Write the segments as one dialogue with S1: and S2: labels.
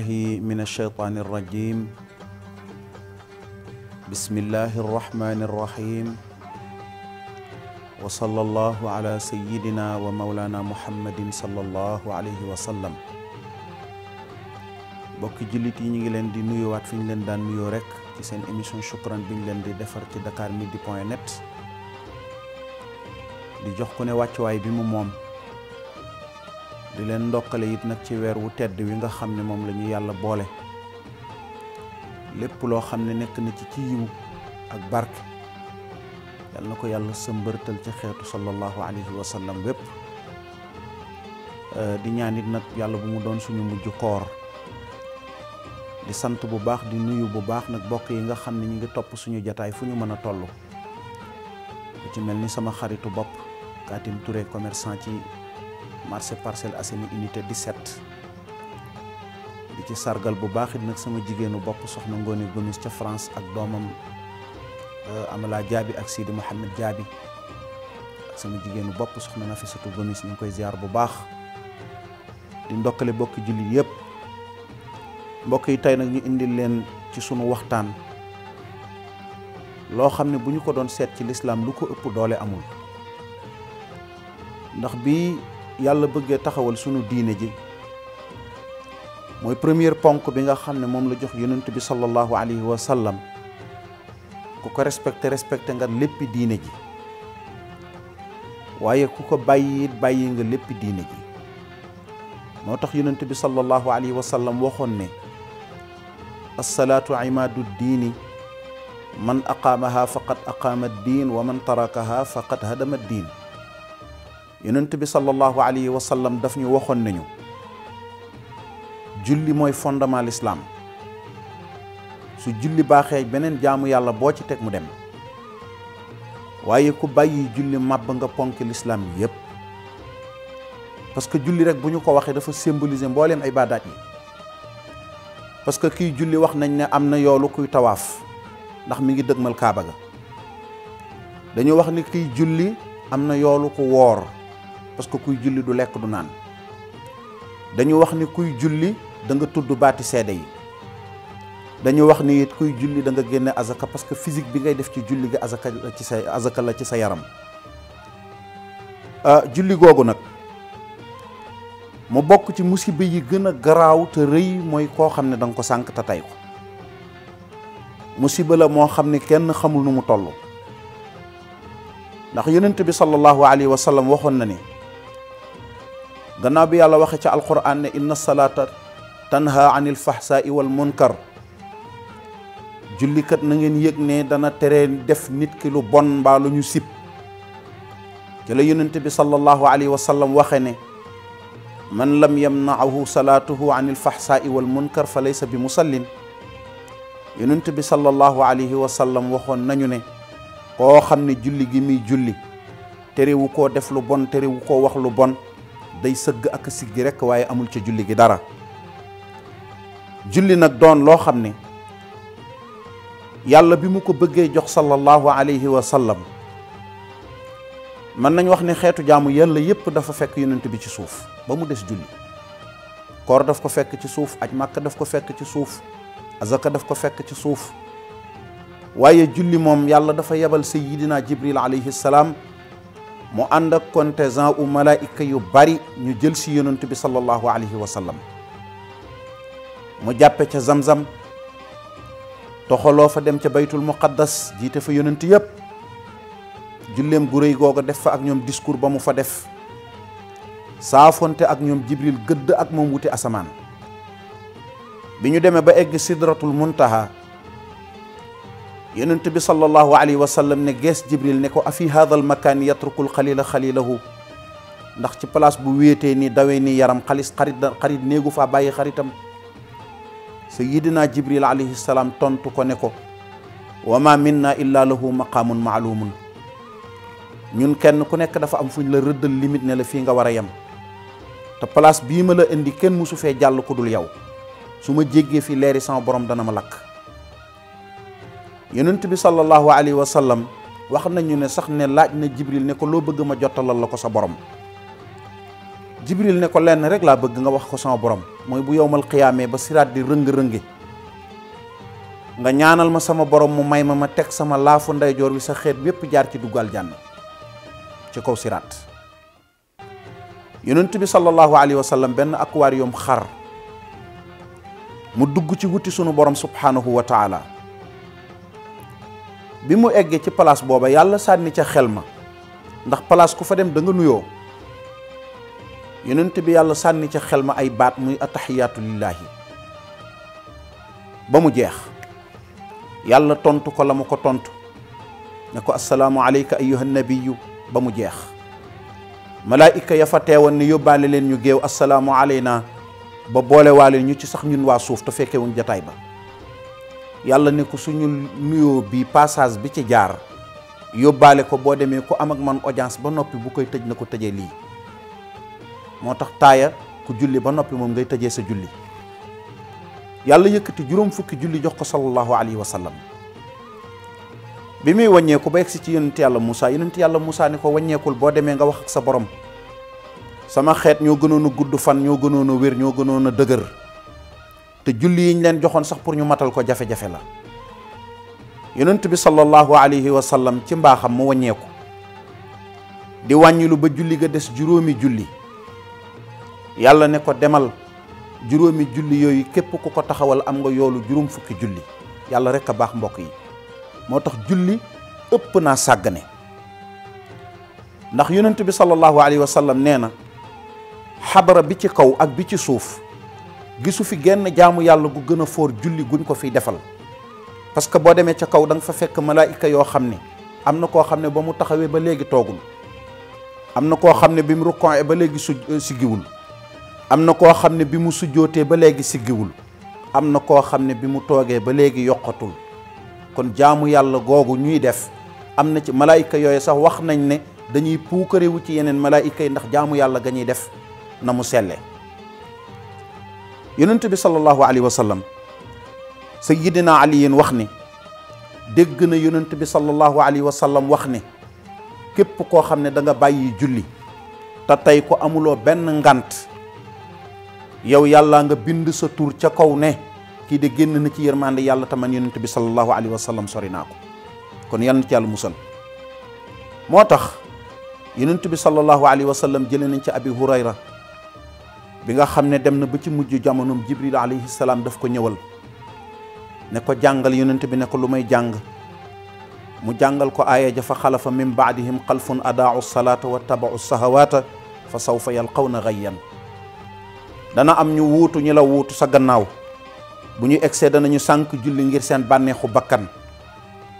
S1: بالله من الشيطان الرجيم بسم الله الرحمن الرحيم وصلى الله على سيدنا ومولانا محمد صلى الله عليه وسلم yi ñu ngi leen di nuyuwaat fi ñu leen daan nuyoo rek seen émission Shukran bi leen di defar ci dakar midi point jox ku ne wàccuwaay bi mu moom di leen ndokkale it nag ci weer wu tedd wi nga xam ne moom lañu yàlla boole lépp loo xam ne nekk na ci ci yiw ak barke yal na ko yàlla sëmbërtal ci xeetu sallallahu alayhi wa sallam wépp euh, di ñaan it nag yàlla bu mu doon suñu mujj koor di sant bu baax di nuyu bu baax nag bokk yi nga xam ne ñu ngi topp suñu jataay fu ñu mën a tollu ku ci mel ni sama xaritu bopp Katim ture commerçant ci marché Parcelles Assainies unité 17 di ci sargal bu baax it nag sama jigéenu bopp soxna Ngoone Gomis ca France ak doomam euh, Amala Diaby ak Sidi Mouhamed Diaby ak sama jigéenu bopp soxna Nafisatu Gomis ñu ngi koy ziar bu baax di ndokkale bokki julli yëpp mbokk yi tey nag ñu indil leen ci suñu waxtaan loo xam ne bu ñu ko doon seet ci lislaam lu ko ëpp doole amul ndax bii yàlla bëggee taxawal sunu diine ji mooy première ponk bi nga xam ne moom la jox yonent bi sallallahu alayhi wa sallam ku ko respecté respecté nga léppi diine ji waaye ku ko bàyyi it bàyyi nga léppi diine ji moo tax yonent bi sallallahu alayhi wa sallam waxoon ne alsalaatu imaadu diini man aqaamaha faqad aqaama diin wa man tarakaha faqad hadama diin yonent bi sallallahu alayhi wa sallam daf ñu waxoon nañu julli mooy fondement l'islam su julli baaxee beneen jaamu yàlla boo ci teg mu dem waaye ku bàyyi julli màbb nga ponk l'islam yépp parce que julli rek bu ñu ko waxee dafa symboliser mbooleem ay baadaat yi parce que kiy julli wax nañ ne am na yoolu kuy tawaaf ndax mi ngi dëgmal kaaba ga dañu wax ni kiy julli am na yoolu ku woor parce que kuy julli du lekk du naan dañu wax ni kuy julli danga nga tudd baati seede wax ni it kuy julli da nga génne azaka parce que physique bi ngay def ci julli gi azaka la ci sa azaka la ci sa yaram ah, julli googu nag mu bokk ci musiba yi gën a garaaw te rëy mooy koo xam ne danga ko sànq te tey ko musiba la moo xam ne kenn xamul nu mu toll ndax yonent bi sallallahu alayhi wa sallam waxoon na ni gannaaw bi yàlla waxe ca alquran ne inna salaata tanha anil fahsaai wal munkar jullikat na ngeen yëg ne dana tere def nit ki lu bon mbaa lu ñu sib ci la yonent bi sallallahu alayhi wa waxe ne man lam yamnaahu salaatuhu anil fahsaai wal munkar fa laysa bi musallin yonent bi sallallahu alayhi wa sallam waxoon nañu ne koo xam ne julli gi muy julli terewu koo def lu bon terewu koo wax lu bon day sëgg ak siggi rekk waaye amul ca julli gi dara julli nag doon loo xam ne yàlla bi mu ko bëggee jox sallallahu alayhi wa sallam mën nañ wax ne xeetu jaamu yàlla yépp dafa fekk yonent bi ci suuf ba mu des julli koor daf ko fekk ci suuf aj màkk daf ko fekk ci suuf azaka daf ko fekk ci suuf waaye julli moom yàlla dafa yebal sayyidina jibril alayhi salaam mu ànd ak contingent u malaayika yu bari ñu jël si yonent bi sallallahu alayhi wa sallam mu jàppe ca zamzam toxaloo fa dem ca baytul muqaddas jiite fa yonent yépp julleem gu réy googa def fa ak ñoom discours ba mu fa def saafonte ak ñoom jibril gëdd ak moom wuti asamaan bi ñu demee ba egg sidratul muntaha yonent bi sallallahu alayhi wa sallam ne gees jibril ne ko afi haadal makaan yatrukul xalila xalilahu ndax ci place bu wéetee ni dawee ni yaram xalis xarit xarit néegu faa bàyyi xaritam sayidina jibril alayhi salaam tontu ko ne ko wa ma minna illa lahu maqaamun ñun kenn ku nekk dafa am fuñ la rëddal limite ne la fii nga war a yem te place bii ma la indi kenn musu fee jàll ku dul yow su ma jéggee fi leeri sama borom dana ma lakk yonent bi sallallahu alayhi wa sallam wax nañu ne sax ne laaj na jibril ne ko loo bëgg ma jottalal la ko sa borom jibril ne ko lenn rek laa bëgg nga wax ko sama boroom mooy bu yowmal xiyaamee ba siraat di rëng-rëngi nga ñaanal ma sama boroom mu may ma ma teg sama laafu ndeyjoor wi sa xeet yépp jaar ci dugg aljanna ci kaw siraat yonent bi sallallahu alayhi wa sallam benn aquarium xar mu dugg ci wuti sunu borom subhanahu wa taala bi mu eggee ci place booba yàlla sànni ca xel ma ndax place ku fa dem danga nuyoo yonent bi yàlla sànni ca xel ma ay baat muy ataxiyaatu lillaahi ba mu jeex yàlla tontu ko la mu ko tontu ne ko assalaamu aleyka ayyuha nabiyu ba mu jeex malaayika ya fa teewoon ne yóbbaale leen ñu géew assalaamu aleyna ba boolewaale ñu ci sax ñun waa suuf te fekkewuñ jataay ba yàlla ne ko suñu nuyoo bi passage bi ci jaar yóbbaale ko boo demee ku am ak man audience ba noppi bu koy tëj na ko tëjee lii moo tax taaya ku julli ba noppi moom ngay tëjee sa julli yàlla yëkkati juróom fukki julli jox ko sallallahu alayhi wa sallam bi muy wàññeeku ba yegsi ci yonent yàlla Moussa yonent yàlla musaa ne ko waññeekul boo demee nga wax ak sa borom sama xeet ñoo gënoon gudd fan ñoo gënoon a wér ñoo gënoon a dëgër te julli yiñ leen joxoon sax pour ñu matal ko jafe-jafe la yonent bi sallallahu alayhi wa sallam ci mbaaxam mu wàññeeku di wàññilu ba julli ga des juróomi julli yàlla ne ko demal juróomi julli yooyu képp ku ko taxawal am nga yoolu juróom fukki julli yàlla rek a baax mbokk yi moo tax julli ëpp naa sàggane ndax yonent bi sallallahu alayhi wa sallam nee na xabara bi ci kaw ak bi ci suuf gisu fi genn jaamu yàlla gu gën a foor julli guñ ko fiy defal parce que boo demee ca kaw da nga fa fekk malaayika yoo xam ne am na koo xam ne ba mu taxawee ba léegi toogul am na koo xam ne bi mu rukkoonee ba léegi su euh, siggiwul am na koo xam ne bi mu sujjootee ba léegi siggiwul am na koo xam ne bi mu toogee ba léegi yokkatul kon jaamu yàlla googu ñuy def am na ci malaayika yooyu sax wax nañ ne dañuy puukarewu ci yeneen malaayika yi ndax jaamu yàlla ga ñuy def na mu selle yonent bi sallallahu alayhi wa sallam sayyidina aliyin wax ni dégg na yonent bi sallallahu alayhi wa sallam wax ni képp koo xam ne danga nga bàyyi julli te tey ko amuloo benn ngant yow yàlla nga bind sa tur ca kaw ne kii de génn na ci yërmande yàlla te man yonent bi sallallahu alayhi wa sallam sori naa ko kon yal na ci yàlla moo tax yonent bi sallallahu alayhi wa sallam jëlee nañ ci abi hurayra bi nga xam ne dem na ba ci mujj jamonoom jibril alayhi salaam daf ko ñëwal ne ko jàngal yonent bi ne ko lu may jàng mu jàngal ko aaya ja fa xalafa min baadihim xalfun adaau salaata wa tabaau sahawaata fa sawfa yalqawna gayyan dana am ñu wuutu ñu la wuutu sa gannaaw bu ñu egsee danañu sànq julli ngir seen bànneexu bakkan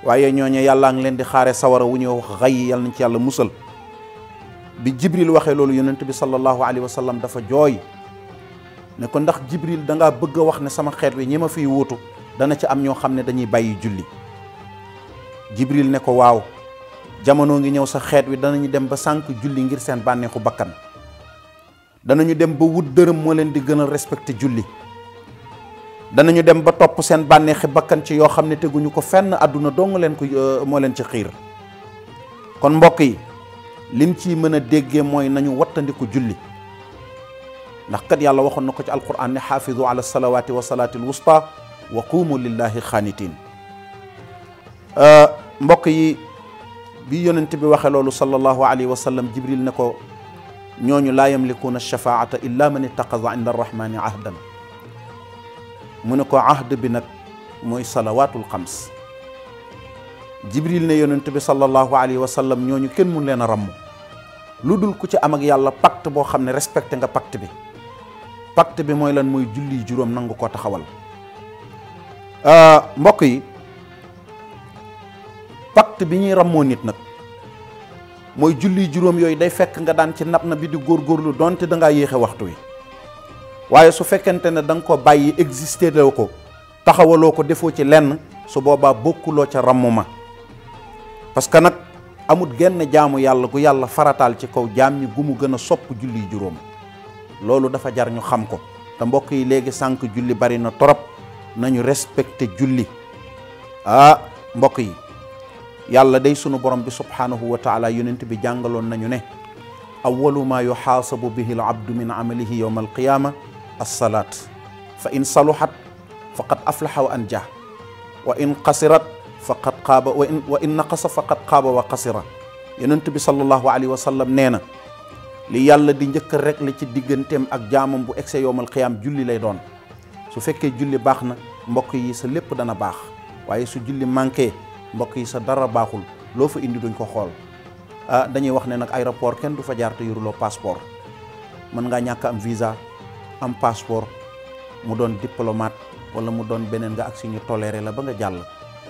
S1: waaye ñoo ñooñu yàllaa ngi leen di xaare sawara wu ñuy wax xay nañ ci yàlla musal bi jibril waxee loolu yonent bi sallallahu alayhi wa sallam dafa jooy ne ko ndax jibril da ngaa bëgg a wax ne sama xeet wi ñi ma fiy wuutu dana ci am ñoo xam ne dañuy bàyyi julli jibril ne ko waaw jamono ngi ñëw sa xeet wi danañu dem ba sànq julli ngir seen bànneexu bakkan danañu dem ba wut dërëm moo leen di gën a respecté julli danañu dem ba topp seen bànneexi bakkan ci yoo xam ne teguñu ko fenn àdduna dong leen ko euh, moo leen ci xiir kon mbokk yi lim ciy mën a déggee mooy nañu wattandiku julli ndax kat yàlla waxoon na ko ci alquran ne xaafidu ala salawaati wa salaati alwusta wa qumu lillahi xaanitin euh, mbokk yi bi yonent bi waxee loolu sallallahu alayhi wa sallam jibril ne ko ñooñu laa yamlikuuna alshafaata illa man ittaqada inda arrahmani ahdan mu ne ko ahd bi nag mooy salawaatul xams jibril ne yonent bi sallallahu alayhi wa ñoo ñu kenn mun leen a ramm lu dul ku ci am ak yàlla pacte boo xam ne respecté nga pacte bi pacte bi mooy lan mooy julli juróom nangu ko taxawal euh, mbokk yi pacte bi ñuy rammoo nit nag mooy julli juróom yooyu day fekk nga daan ci nab na bi di góorgóorlu donte da ngaa yéexe waxtu wi waaye su fekkente ne da nga ko bàyyi existé loo ko taxawaloo ko defoo ci lenn su boobaa bokkuloo ca ramm ma parce que nag amut genn jaamu yàlla gu yàlla farataal ci kaw jaam ñi gu mu gën a sopp julli juróom loolu dafa jar ñu xam ko te mbokk yi léegi sànq julli bari na torop nañu respecté julli ah mbokk yi yàlla day sunu borom bi subhaanahu wa taala yonent bi jàngaloon nañu ne awalu maa yuxaasabu bihi al abdu min amalihi yowma alqiyaama alsalaat fa in saluhat faqad aflaxa wa anjaa wa in xasirat faqad faqad xaaba wa in wa in naqasa faqad xaaba wa xasira yonent bi sallallahu alayhi wa nee na li yàlla di njëkk rek la ci digganteem ak jaamam bu egse yowmal xiyaam julli lay doon su fekkee julli baax na mbokk yi sa lépp dana baax waaye su julli manqué mbokk yi sa dara baaxul loo fa indi duñ ko xool ah, dañuy wax ne nag aéroport kenn du fa jaar te yoruloo passeport mën ngaa ñàkk am visa am passeport mu doon diplomate wala mu doon beneen nga ak suñu toléré la ba nga jàll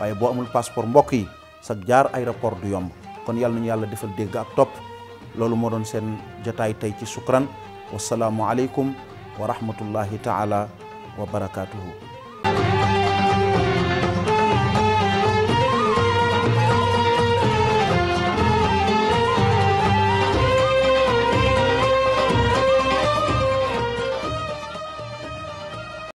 S1: waaye boo amul passeport mbokk yi sa jaar aéroport du yomb kon yàlla nañu yàlla defal dégg ak loolu moo doon seen jataay tey ci sukran wasalaamualeykum wa rahmatullahi taala wa barakaatuhu